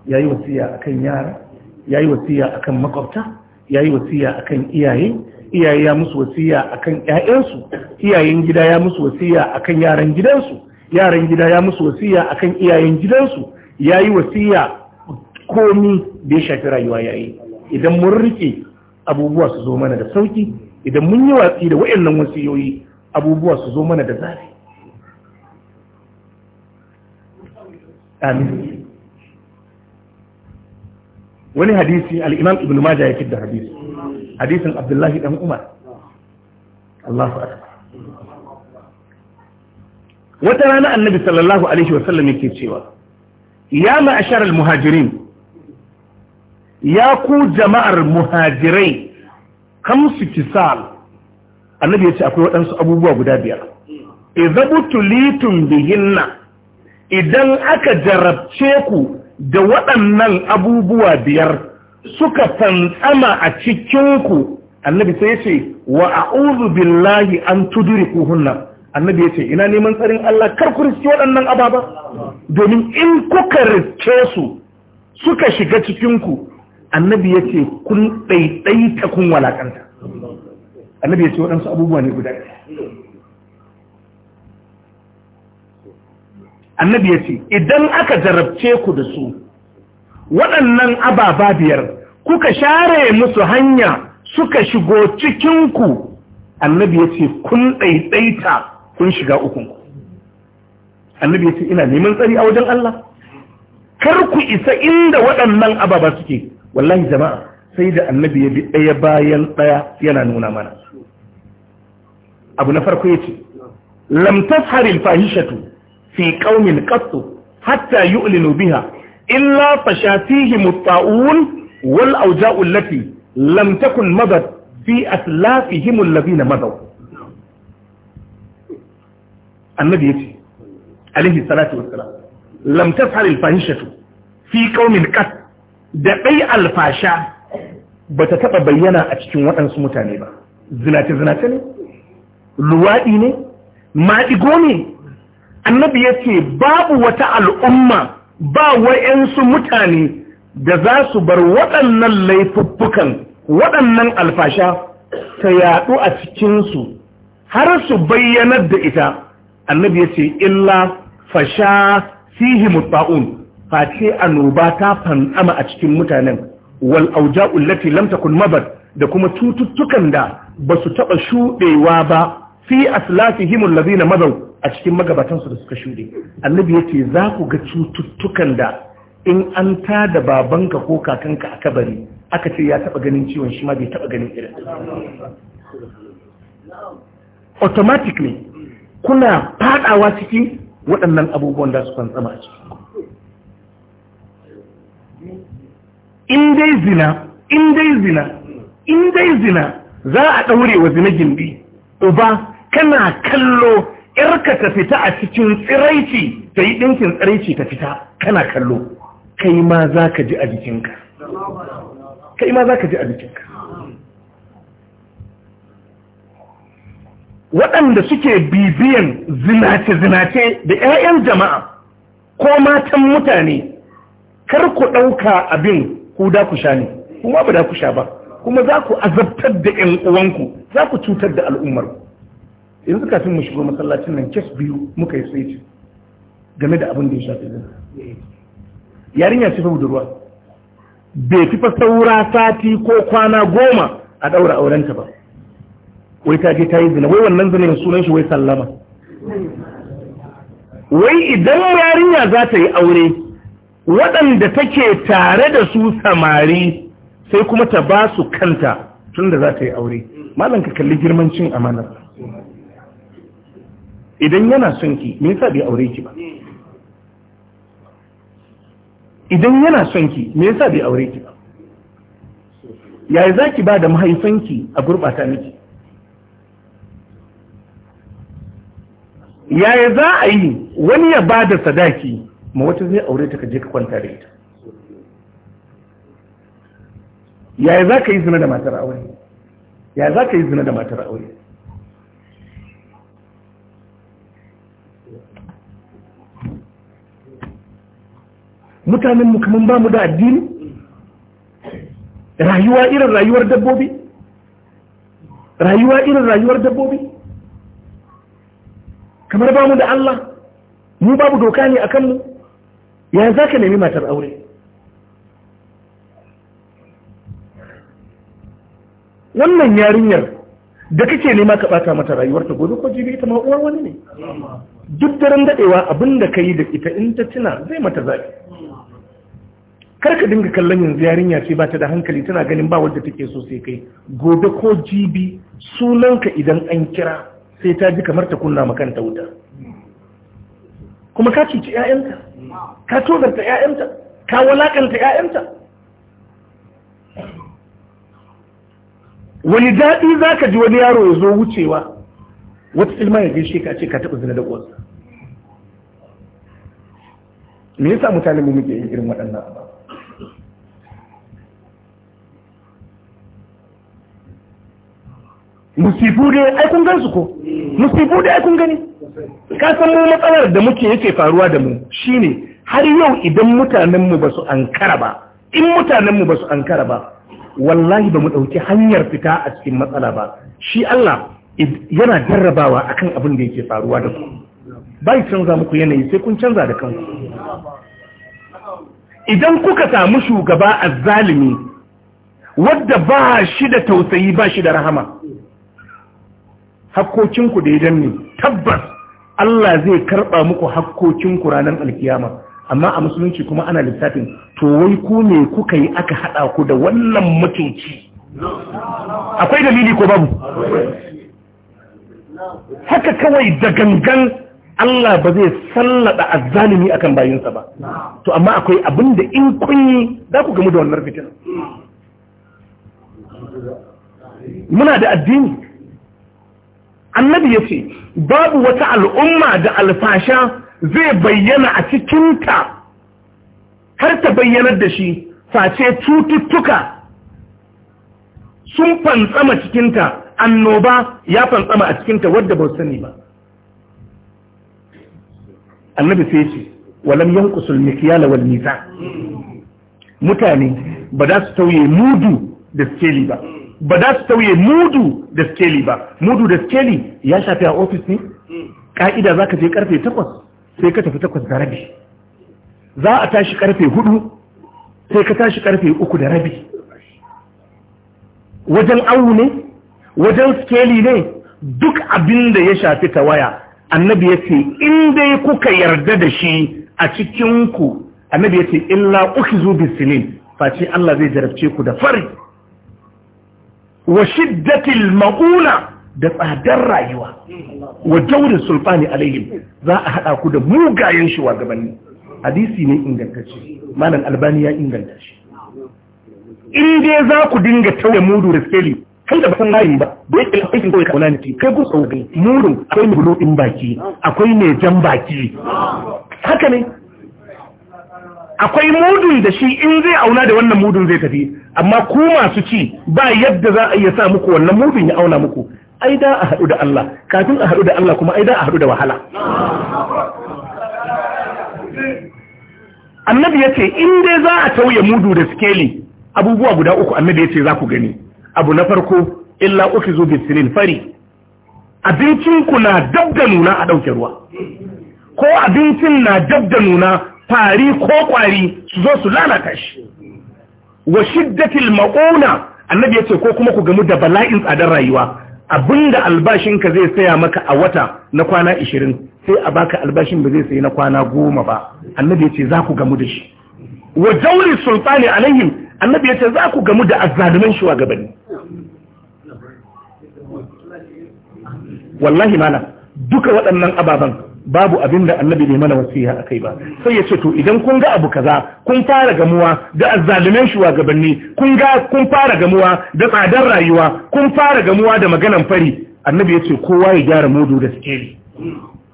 ya yi wasiya a kan yara ya yi wasiya akan makwabta ya yi wasiya kan iyaye iyaye ya musu wasiya akan 'ya'yansu. iyayen gida ya musu wasiya akan yaran gidansu yaran gida ya musu wasiya akan iyayen gidansu ya yi wasiya komi da ya shafi rayuwa yayi idan mun rike abubuwa su zo mana da sauki idan mun yi watsi da waɗannan wasiyoyi abubuwa su zo mana da zafi amin wani hadisi al ibn majah ya kidda hadisi hadisin abdullahi ɗan umar Allah akbar wata rana annabi sallallahu alaihi wa sallam yake cewa ya ma'ashar al-muhajirin ya ku jama'ar muhajirai kamsu kisal annabi ya ce akwai waɗansu abubuwa guda biyar izabu tulitun bihinna idan aka jarabce ku da waɗannan abubuwa biyar suka fantsama a cikinku annabi sai ce wa a'udhu billahi an hunna annabi ya ce ina neman tsarin Allah kar ku riske waɗannan ababa domin in kuka riske su suka shiga cikinku annabi ya ce kun ɗaiɗaita kun walakanta annabi ya ce waɗansu abubuwa ne guda ɗaya annabi ya ce idan aka jarabce ku da su waɗannan ababa biyar kuka share musu hanya suka shigo cikinku annabi ya ce kun ɗaiɗaita kun shiga ukunku annabi ya ce ina neman tsari a wajen Allah kar ku isa inda waɗannan ababa suke wallahi jama'a sai da annabi ya bi ɗaya bayan ɗaya yana nuna mana abu na farko ya ce lamtas haril fahishatu fi qaumin qattu hatta yu'linu biha illa fashafihim at-ta'un wal awja'u allati lam takun madat fi aslafihim alladhina madaw annabi yace alaihi salatu wassalam lam tashal al-fahishatu fi qaumin qat da dai al-fasha bata taba bayyana a cikin waɗansu mutane ba zinace zinace ne luwaɗi ne maɗigo ne annabi ya ce babu wata al'umma ba wa'yansu mutane da za su bar waɗannan laifuffukan waɗannan alfasha ta yaɗu a cikinsu har su bayyanar da ita annabi ya ce illa fasha fihi mutba'un face annoba ta fanɗama a cikin mutanen wal auja lati lam takun mabad da kuma cututtukan da basu taɓa shuɗewa ba fi aslafihim allazina mazaw a cikin magabatansu da suka shuɗe annabi ya ce za ku ga cututtukan da in an ta da babanka ko kakanka a kabari aka ce ya taɓa ganin ciwon shi ma bai taɓa ganin irin automatically kuna fadawa ciki waɗannan abubuwan da su fantsama a in dai zina in dai zina in dai zina za a ɗaure wa zina gindi uba kana kallo irka ta fita a cikin tsiraici ta yi ɗinkin tsiraici ta fita kana kallo kai ma za ka ji a jikinka kai ma za ka ji a jikinka waɗanda suke bibiyan zinace-zinace da 'ya'yan jama'a ko matan mutane kar ku ɗauka abin ku da ku sha ne kuma ba da ku sha ba kuma za ku azabtar da 'yan uwanku za ku cutar da al'ummarku yanzu kafin mu shigo masallacin nan kes biyu muka yi sai game da abin da ya shafi zina yarinya ce fa budurwa bai fi saura sati ko kwana goma a daura aurenta ba wai ta je ta yi zina wai wannan zina sunan shi wai sallama wai idan yarinya za ta yi aure waɗanda take tare da su samari sai kuma ta ba su kanta tunda da za ta yi aure malam ka kalli girman cin amanar idan yana son ki me yasa bai aure ki ba idan yana son ki me yasa bai aure ki ba yaya zaki ba da mahaifanki a gurbata miki yaya za a yi wani ya ba da sadaki ma wata zai aure ta kaje ka kwanta da ita yaya za ka yi zina da matar aure yaya za ka yi zina da matar aure mutanenmu kamar ba mu da addini rayuwa irin rayuwar dabbobi rayuwa irin rayuwar dabbobi kamar ba mu da Allah mu babu doka ne a kanmu ya za ka nemi matar aure wannan yarinyar da kake nema ka bata mata rayuwarta gobe ko jibi ita ma uwar wani ne duk daren dadewa abinda ka yi da ita in ta tuna zai mata zafi kar ka dinga kallon yanzu yarinya ce ba ta da hankali tana ganin ba wadda take so sai kai gobe ko jibi sunanka idan an kira sai ta ji kamar ta kunna ta wuta kuma ka cici 'ya'yanta ka tozarta 'ya'yanta ka walakanta 'ya'yanta wani daɗi za ka ji wani yaro ya zo wucewa wata ilma ya gaishe ka ce ka taɓa zina da uwarsa me yasa mutane mu muke yin irin waɗannan abu musibu dai ai kun gan ko musibu dai ai kun gani ka san mu matsalar da muke yake faruwa da mu shine har yau idan mutanen mu basu ankara ba in mutanen mu basu ankara ba wallahi ba mu dauki hanyar fita a cikin matsala ba shi Allah yana jarrabawa akan abin da yake faruwa da ku bai canza muku yanayi sai kun canza da kanku idan kuka samu shugaba azzalimi wadda ba shi da tausayi ba shi da rahama hakkokinku da ya danne tabbas Allah zai karɓa muku hakkokinku ranar alkiyama amma a musulunci kuma ana lissafin to wai ku ne kuka yi aka haɗa ku da wannan mutunci akwai dalili ko babu haka kawai da gangan Allah ba zai sallada azzalimi akan bayinsa ba to amma akwai abin da in kun yi za ku gamu da wannan fitina muna da addini annabi ya ce babu wata al'umma da alfasha zai bayyana a cikinta har ta bayyanar da shi face cututtuka sun fantsama cikinta annoba ya fantsama a cikinta wadda ba sani ba annabi sai ce walam yanqusul mikyala wal mizan mutane ba za su tauye mudu da skeli ba ba za su tauye mudu da skeli ba mudu da skeli ya shafi a ofis ne ka'ida za ka je karfe takwas sai ka tafi takwas da rabi za a tashi karfe hudu sai ka tashi karfe uku da rabi wajen awu ne wajen skeli ne duk abin da ya shafi ta waya annabi ya ce in dai kuka yarda da shi a cikinku annabi ya ce illa uku zubin sinin face Allah zai jarabce ku da fari wa shiddatil ma'ula da tsadar rayuwa wa daurin sulfani alaihim za a haɗa ku da mugayen shugabanni hadisi ne ingantacce malam albani ya inganta shi in dai za ku dinga tauye mudu da skeli kai da basan layi ba da yake aikin kawai kauna ne kai ku tsogai Mudu, akwai mai bulo baki akwai mai jan baki haka ne akwai mudun da shi in zai auna da wannan mudun zai tafi amma ku masu ci ba yadda za a iya sa muku wannan mudun ya auna muku ai da a haɗu da Allah kafin a haɗu da Allah kuma ai da a haɗu da wahala annabi yace in dai za a tauye mudu da skeli abubuwa guda uku annabi yace za ku gani abu na farko illa uku zo bisirin fari abincinku na dab nuna a ɗauke ruwa ko abincin na dabda da nuna fari ko kwari su zo su lalata shi wa shiddatil mauna annabi yace ko kuma ku gamu da bala'in tsadar rayuwa abinda albashinka zai saya maka a wata na kwana 20 sai a baka albashin ba zai sayi na kwana 10 ba annabi yace za ku gamu da shi wa jawli sultani alaihim annabi yace za ku gamu da azzaluman gabani. wallahi mana duka waɗannan ababan babu abin da annabi bai mana wasiya akai ba sai ya ce to idan kun ga abu kaza kun fara gamuwa da azzalumin shugabanni kun ga kun fara gamuwa da tsadar rayuwa kun fara gamuwa da maganan fari annabi ya ce kowa ya gyara mudu da sikeli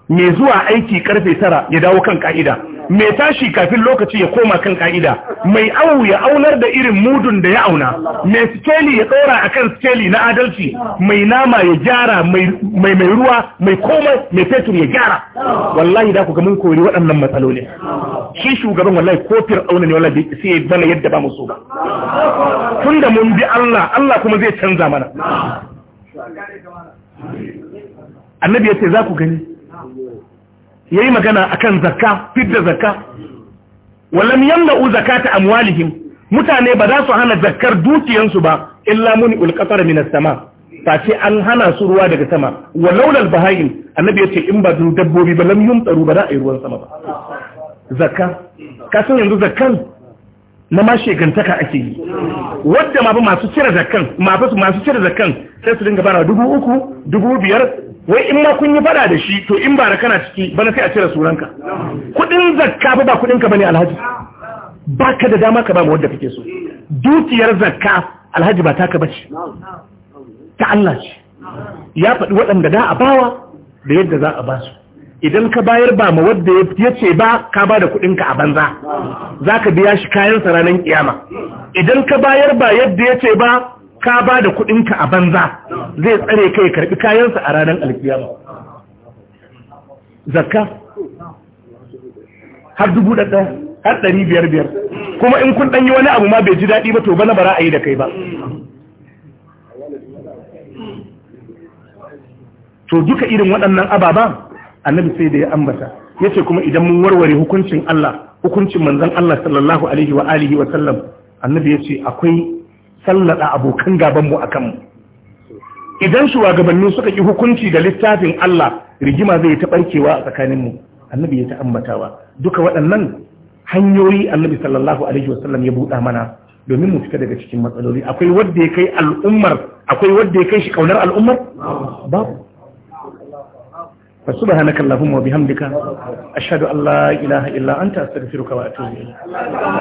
mai zuwa aiki karfe tara ya dawo kan ka'ida mai tashi kafin lokaci ya koma kan ka'ida mai awu ya aunar da irin mudun da ya auna mai sikeli ya tsora akan sikeli na adalci mai nama ya gyara mai mai ruwa mai komai mai fetur ya gyara wallahi da ku ga mun kori waɗannan matsaloli shi shugaban wallahi ko auna ne wallahi sai ya bana yadda ba mu so ba tunda mun bi Allah Allah kuma zai canza mana annabi ya ce za ku gani ya yi magana a kan zakka fidda zakka wallan yamna'u zakata amwalihim mutane ba za su hana zakkar dukiyansu ba illa muni ulqasar minas sama face an hana su ruwa daga sama wa al bahayin annabi ya ce in ba dun dabbobi ba lam tsaro ba za a yi ruwan sama ba zakka ka yanzu zakkan na ma shegantaka ake yi wadda ma ba masu cire zakkan ma ba su masu cire zakkan sai su dinga bara dubu uku dubu biyar wai in ma kun yi fada da shi to in ba da kana ciki bana sai a cire sunanka kudin zakka ba kudin ka bane alhaji baka da dama ka ba wanda kake so dukiyar zakka alhaji ba taka bace ta Allah ce ya faɗi waɗanda da a bawa da yadda za a ba su idan ka bayar ba ma wadda ya ce ba ka ba da kudinka a banza zaka biya shi kayan sa ranar kiyama idan ka bayar ba yadda ya ce ba ka ba da kuɗinka a banza zai tsare kai karɓi kayansa a ranar alkiyama zakka har dubu ɗaɗɗa har ɗari biyar biyar kuma in kun ɗanyi wani abu ma bai ji daɗi ba to bana bara a yi da kai ba to duka irin waɗannan ababa annabi sai da ya ambata ya ce kuma idan mun warware hukuncin Allah hukuncin manzan Allah sallallahu alaihi wa alihi wa sallam annabi ya ce akwai sallada abokan gabanmu a kanmu idan shugabanni suka ki hukunci da littafin Allah rigima zai ta barkewa a tsakaninmu annabi ya ta ambatawa duka waɗannan hanyoyi annabi sallallahu alaihi wasallam ya buɗa mana domin mu fita daga cikin matsaloli akwai wanda ya kai al'ummar akwai wanda ya kai shi kaunar al'ummar babu فسبحانك اللهم وبحمدك أشهد أن لا إله إلا أنت أستغفرك وأتوب إليك